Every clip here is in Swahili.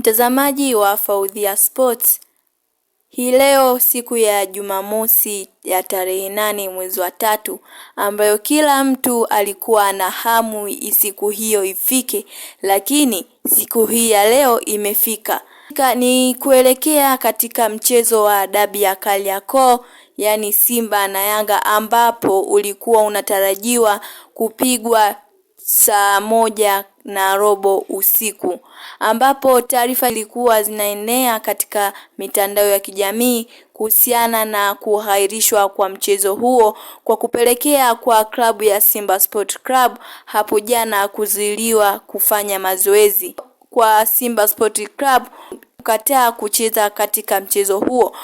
Mtazamaji wa Faudhia Sports, hii leo siku ya Jumamosi ya tarehe nane mwezi wa tatu, ambayo kila mtu alikuwa na hamu siku hiyo ifike, lakini siku hii ya leo imefika. Ni kuelekea katika mchezo wa dabi ya Kariakoo, yaani Simba na Yanga, ambapo ulikuwa unatarajiwa kupigwa saa moja na robo usiku ambapo taarifa zilikuwa zinaenea katika mitandao ya kijamii kuhusiana na kuhairishwa kwa mchezo huo kwa kupelekea kwa klabu ya Simba Sport Club hapo jana kuzuiliwa kufanya mazoezi kwa Simba Sport Club kukataa kucheza katika mchezo huo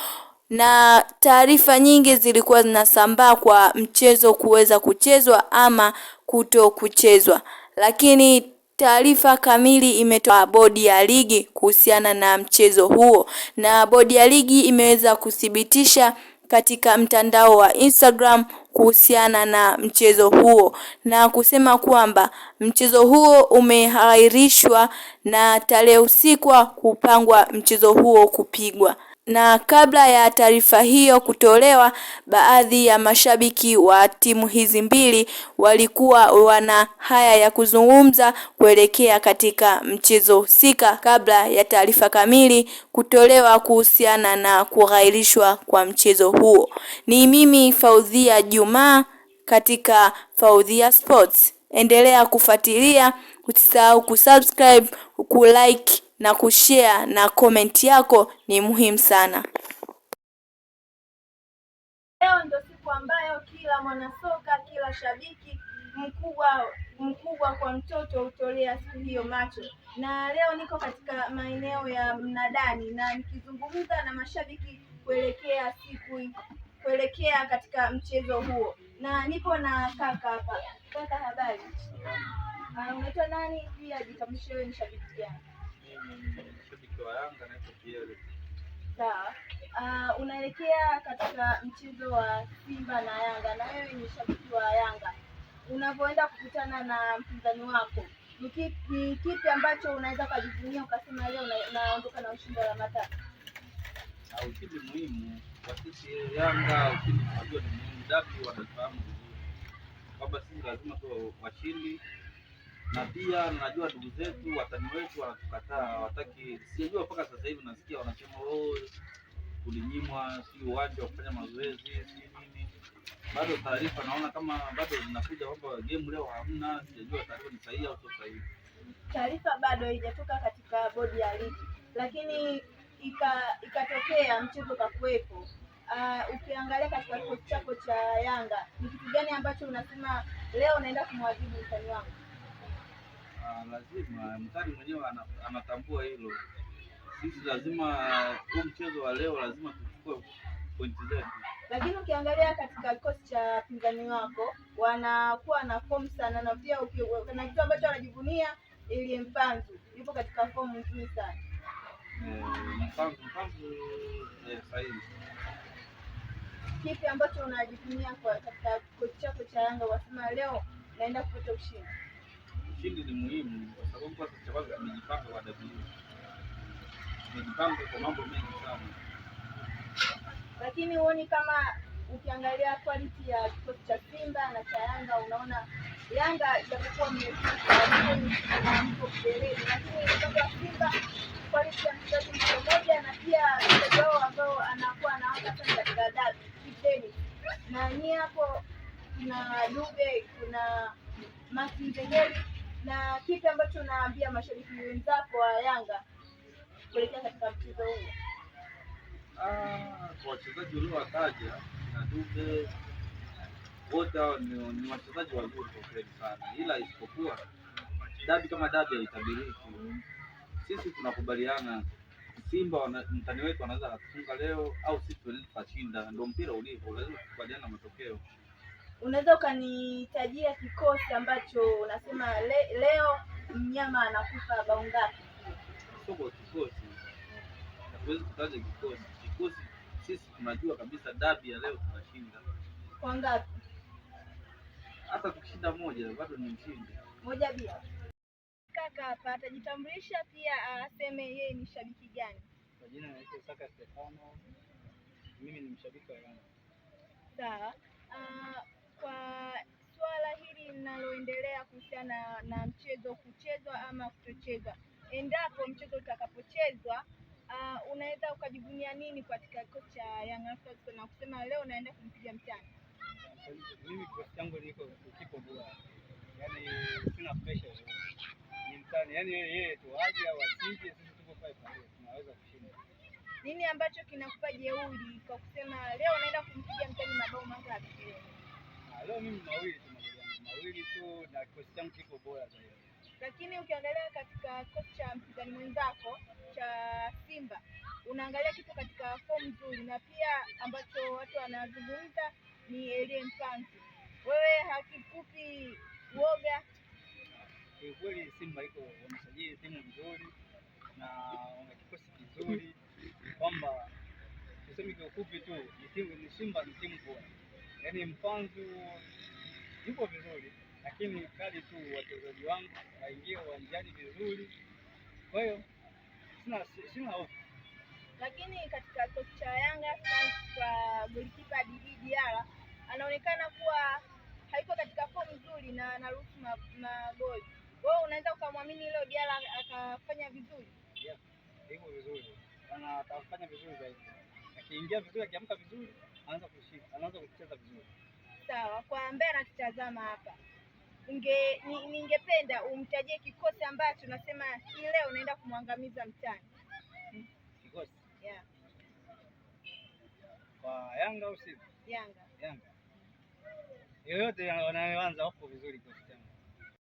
na taarifa nyingi zilikuwa zinasambaa kwa mchezo kuweza kuchezwa ama kuto kuchezwa, lakini taarifa kamili imetoa bodi ya ligi kuhusiana na mchezo huo, na bodi ya ligi imeweza kuthibitisha katika mtandao wa Instagram kuhusiana na mchezo huo na kusema kwamba mchezo huo umehairishwa na tarehe usiku kupangwa mchezo huo kupigwa na kabla ya taarifa hiyo kutolewa baadhi ya mashabiki wa timu hizi mbili walikuwa wana haya ya kuzungumza kuelekea katika mchezo husika kabla ya taarifa kamili kutolewa kuhusiana na kughairishwa kwa mchezo huo. Ni mimi Faudhia Juma katika Faudhia Sports. Endelea kufuatilia, usisahau kusubscribe, kulike na kushare na komenti yako ni muhimu sana. Leo ndio siku ambayo kila mwanasoka, kila shabiki mkubwa mkubwa kwa mtoto hutolea siku hiyo macho, na leo niko katika maeneo ya mnadani na nikizungumza na mashabiki kuelekea siku kuelekea katika mchezo huo, na nipo na kaka hapa. Kaka, habari? Ah, unaitwa nani? Pia jitambulishe, wewe ni shabiki gani? Sawa. Uh, unaelekea katika mchezo wa Simba na Yanga na wewe ni shabiki wa Yanga, unavyoenda kukutana na mpinzani wako ni kipi ambacho unaweza ukajivunia ukasema leo unaondoka na ushindi wa alama tatu? Ah, ushindi muhimu kwa sisi Yanga, ushindi tunajua ni muhimu, dabi wanafahamu vizuri kwamba Simba lazima tuwe washindi na pia najua ndugu zetu watani wetu wanatukataa, hawataki. Sijajua mpaka sasa hivi nasikia wanasema oh, kulinyimwa si uwanja wa kufanya mazoezi si nini. Bado taarifa naona kama bado zinakuja kwamba game leo hamna. Sijajua taarifa ni sahihi au sio sahihi. Taarifa bado haijatoka katika bodi ya ligi, lakini ikatokea mchezo kakuwepo. Uh, ukiangalia katika kikosi chako cha Yanga ni kitu gani ambacho unasema leo unaenda kumwadhibu mtani wangu? Ah, lazima mtani mwenyewe anatambua hilo. Sisi lazima huu mchezo wa leo lazima tuchukue pointi zetu, lakini ukiangalia katika kikosi cha pinzani wako wanakuwa na fomu sana, na pia na kitu ambacho wanajivunia ili Mpanzu yupo katika fomu nzuri sana. Eh, Mpanzu Mpanzu eh, sahihi. Kipi ambacho unajivunia katika kikosi chako cha Yanga wasema leo naenda kupata ushindi? ushindi ni muhimu kwa sababu kwa sasa amejipanga kwa WWF, amejipanga kwa mambo mengi sana, lakini huoni kama ukiangalia quality ya kikosi cha Simba na cha Yanga unaona Yanga itakuwa mbele, Simba quality ya mchezaji mmoja na pia mchezaji ambao anakuwa anaanza sana katika dabi kiteni na ni hapo, kuna Dube, kuna Maxi na kitu ambacho naambia mashabiki wenzako wa Yanga kuelekea katika mchezo huu? Ah, kwa wachezaji uliowataja na Dube wote hao ni wachezaji wazuri kwa kweli sana, ila isipokuwa dabi kama dabi haitabiriki. Sisi tunakubaliana Simba mtani wetu anaweza kufunga leo au sisi tunaweza tukashinda, ndio mpira ulivyo, lazima tukubaliana na matokeo unaweza ukanitajia kikosi ambacho unasema le, leo mnyama anakufa bao ngapi? Sio kikosi, hatuwezi kutaja kikosi. Kikosi sisi tunajua kabisa dabi ya leo tunashinda kwa ngapi. Hata tukishinda moja bado ni mshindi, moja bila. Kaka hapa atajitambulisha pia, aseme yeye ni shabiki gani. Kwa jina naitwa Saka Stefano, mimi ni mshabiki wa Yanga. Sawa kwa swala hili linaloendelea kuhusiana na mchezo kuchezwa ama kutochezwa. Endapo mchezo utakapochezwa, uh, unaweza ukajivunia nini katika kikosi cha Young Africans na kusema leo naenda kumpiga mtani? Mimi kikosi changu niko kipo bora, yani sina pressure ni mtani, yani yeye tu aje au asije, sisi tuko pale pale, tunaweza kushinda. Nini ambacho kinakupa jeuri kwa kusema leo naenda kumpiga mtani mabao mangapi? Ah, leo mimi mawili tu mawili tu, na kikosi changu kiko bora zaidi. Lakini ukiangalia katika kikosi cha mpinzani mwenzako cha Simba, unaangalia kitu katika fomu nzuri, na pia ambacho watu wanazungumza ni Elie Mpanzu. Wewe hakikupi uoga? Kweli Simba iko wamesajili timu nzuri na wana kikosi kizuri, kwamba tuseme kiufupi tu ni Simba ni timu bora yani Mpanzu yupo vizuri, lakini kali tu wachezaji wangu waingie uwanjani vizuri. Kwa hiyo sina sina hofu, lakini katika kikosi cha Yanga kwa golikipa Didi Diara anaonekana kuwa haiko katika fomu nzuri na anaruhusu magoli. Wewe unaweza ukamwamini leo Diara akafanya vizuri? Yeah, iko vizuri, atafanya vizuri zaidi akiingia vizuri, akiamka vizuri, anaanza kushika, anaanza kucheza vizuri. Sawa, kwa ambaye anatutazama hapa, ningependa umtajie kikosi ambacho nasema hii leo unaenda kumwangamiza mtani. Kikosi yeah. kwa Yanga au Simba? Yanga. Yanga yoyote wanayoanza wako vizuri kwa